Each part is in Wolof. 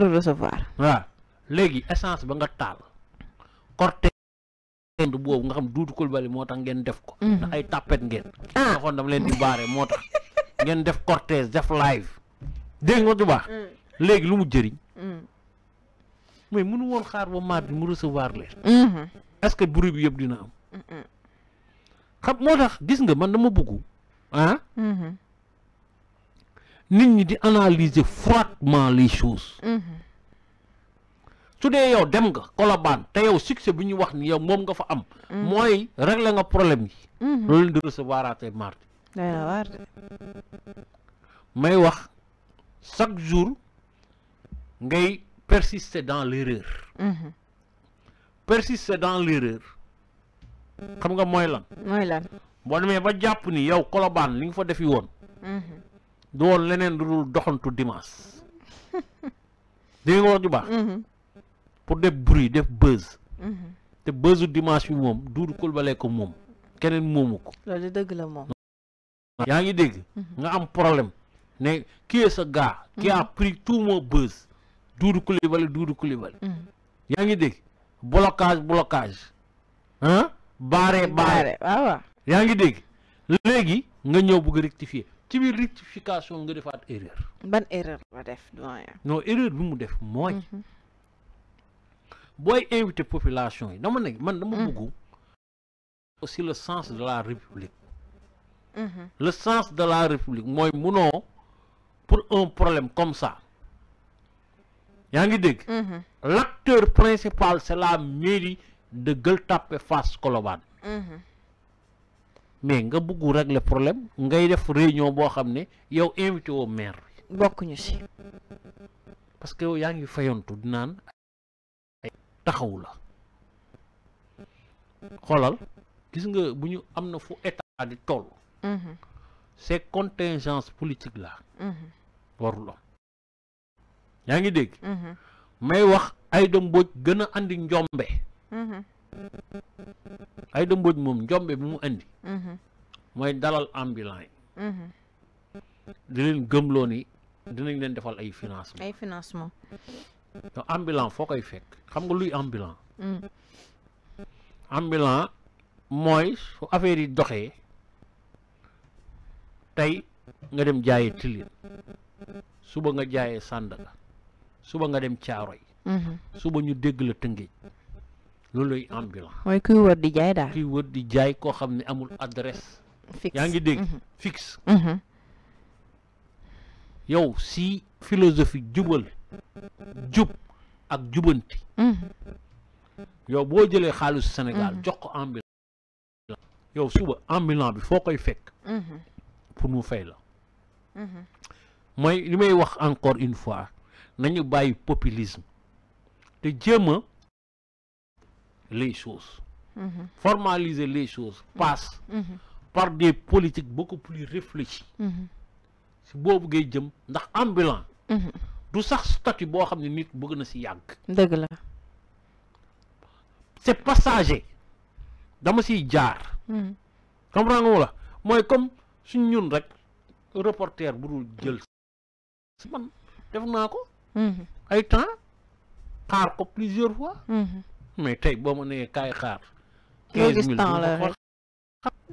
recevoir léegi essence ba nga taal corté boobu nga xam duutu Coulibaly moo tax ngeen def ko mhm. ndax ay tàppet ngeen ah. waxoon dama leen di baare moo tax ngeen def cortège def live dégg nga du mm. léegi lu mu jëriñ mm. mais mënu woon xaar ba mardi mu recevoir leen mhm. est-ce que bruit bi yëpp dina am xam moo tax gis nga man dama bëgg ah mhm. nit ñi di analyser froidement les choses mm-hmm. su dee yow dem nga kolobaan te yow succès bu ñu wax ni yow moom nga fa am mm-hmm. mooy régler nga problème yi mm-hmm. loolu leen di recevoir aate mardi may wax chaque jour ngay persister dans l'erreur persister dans l'erreur xam nga mooy lan mooy lan boo demee ba jàpp ni yow kolobaan li nga fa defi woon du won leneen lu dul doxantu dimanche di nga wax ju baax mm-hmm. pour def bruit def buzz mm-hmm. te buzzu dimanche bi moom Doudou Coulibaly ko moom keneen moomu ko loolu dëgg la moom yaa ngi dégg mm-hmm. nga am problème ne qui est ce gars qui a pris tout mon buzz Doudou Coulibaly Doudou Coulibaly yaa ngi dégg blocage blocage ah baare baare yaa ngi dégg léegi nga ñëw bëgg rectifier ci veux rectification nga defaat erreur. ban erreur la def doyen. non erreur bi mu def moy. Mhm. Boy invité population yi dama ne man dama mhm. bëgg. aussi le sens de la république. Mhm. le sens de la république moy munoo pour un problème comme ça. yaa ngi L'acteur principal c'est la mairie de face face à Colobane. mais nga bëggu régler problème ngay def réunion bo xamné yow invité au maire bokku ñu ci parce que yow ya ngi fayontu di naan ay taxaw la xolal gis nga buñu amna fu état di toll hmm c'est contingence politique là hmm warul am ya ngi dégg hmm may wax ay dom booj gëna andi andi hmm ay dëmbooj moom njombe bi mu indi mhm. mooy dalal ambulant yi mhm. di leen gëmloo ni dinañ leen defal ay financement ay financement donc ambulant foo koy fekk xam nga luy ambulant mm. ambulant mooy su affaire yi doxee tey nga dem jaayee tilin suba nga jaayee sàndaga suba nga dem caaroy mhm. suba ñu dégg la tëngéej loolu lay ambulant. mooy kuy wër di jaay daal. kuy wër di jaay koo xam ne amul adresse. fixe yaa ngi dégg mhm. fixe. Mhm. yow si philosophie jubal jub ak jubanti. Mhm. yow boo jëlee xaalisu Sénégal jox ko ambulant. yow suba ambulant bi foo koy fekk. pour mu fay la. mooy li may wax encore une fois nañu bàyyi populisme te jéem les choses, mhm. formaliser les choses passe mhm. Mhm. par des politiques beaucoup plus réfléchies. si vous avez un ndax ambulant. du sax statut qui est nit c'est passager dama siy jaar. comprendre nga la Moi, comme suñ ñun rek reporter bu jël. man def ay temps un plusieurs fois. mais tey boo ma nee kaay xaar. quinze mille la rek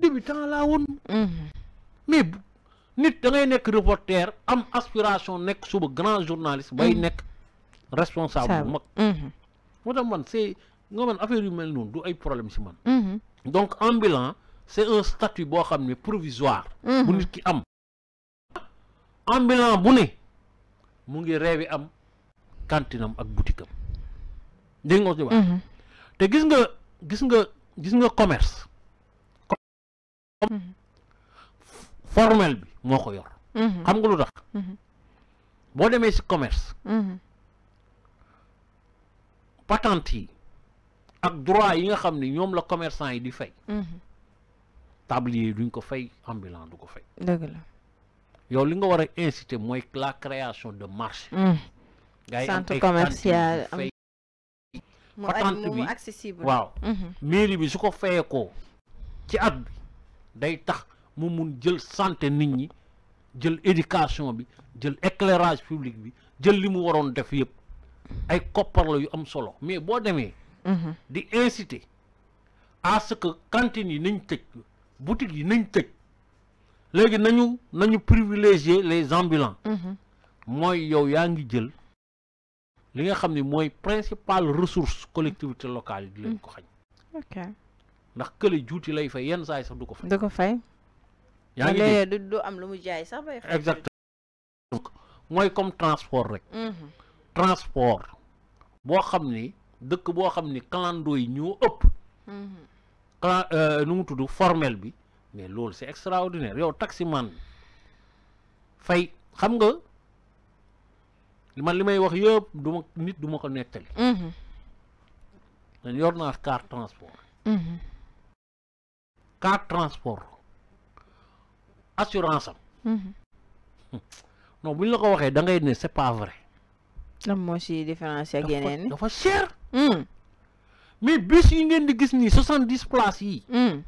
débutant laa woon. Mhm. mais nit da nekk reporter am aspiration nekk suba grand journaliste. bay mhm. nekk responsable bu mag. Mhm. moo tax man c'est nga man affaire yu mel noonu du ay problème si man. donc ambulant c'est un statut boo xam ne provisoire. bu nit ki am. ambulant bu ne mu ngi reewi am kantinam ak boutique am dégg nga te gis nga gis nga gis nga commerce mm-hmm. formel bi moo ko yor mm-hmm. xam nga lu tax mm-hmm. boo demee ci commerce patente yi ak droit yi nga xam ne ñoom la commerçant yi di fay tablier yi duñ ko fay ambulant du ko fay yow li nga war a inciter mooy la création de marché mm. centre commercial patente bi accessible waaw mhm. mairie bi su ko fayekoo ci at bi day tax mu mun jël santé nit ñi jël éducation bi jël éclairage public bi jël li mu waroon def yëpp ay koppar yu am solo mais boo demee mhm. di inciter à ce que cantines yi nañ tëj boutiques yi nañ tëj léegi nañu nañu privilégier les ambulants mhm. mooy yow yaa ngi jël li nga xam ne mooy principal ressource collectivité locale di leen mm. ko xañ ok ndax kële juuti lay fay yenn saay sax du ko fay du ko fay yaa ngi du am lu mu jaay sax bay fay exactement mooy comme transport rek mm-hmm. transport boo xam ni dëkk boo xam ni clando yi ñoo ëpp mm-hmm. clan euh, nu mu tudd formel bi mais loolu c'est extraordinaire yow taximan fay xam nga man limay wax yeb duma ma nit du ma ko hmm dañ yor na carte transport hmm carte transport assurance hmm non buñ la ko waxe da ngay ne c'est pas vrai lan mo ci différence ak yenen dafa cher hmm mais bus yi ngeen di gis ni 70 places yi hmm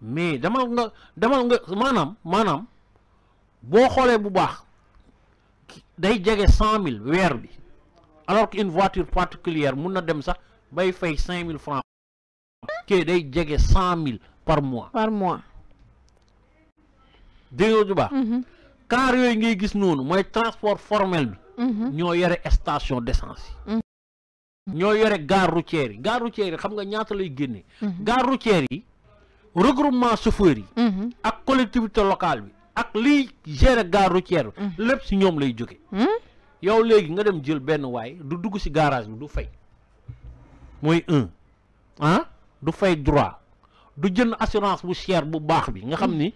mais dama nga dama nga manam manam bo xolé bu baax day jege cent mille weer bi alors que une voiture particulière mun na dem sax bay fay cinq mille francs kii day jege cent mille par mois par mois dégg ju mm-hmm. yooyu ngay gis noonu mooy transport formel bi mm-hmm. ñoo yore station d'essence yi mm-hmm. ñoo yore gare routière yi gare routière yi xam nga ñaata lay génne gare routière yi regroupement chauffeur ak collectivité locale bi ak liy gérer gare routière bi mm. lépp si ñoom lay jóge mm. yow léegi nga dem jël benn waay du dugg si garage bi du fay mooy un ah? du fay droit du jënd assurance bu cher bu baax bi nga xam mm. ni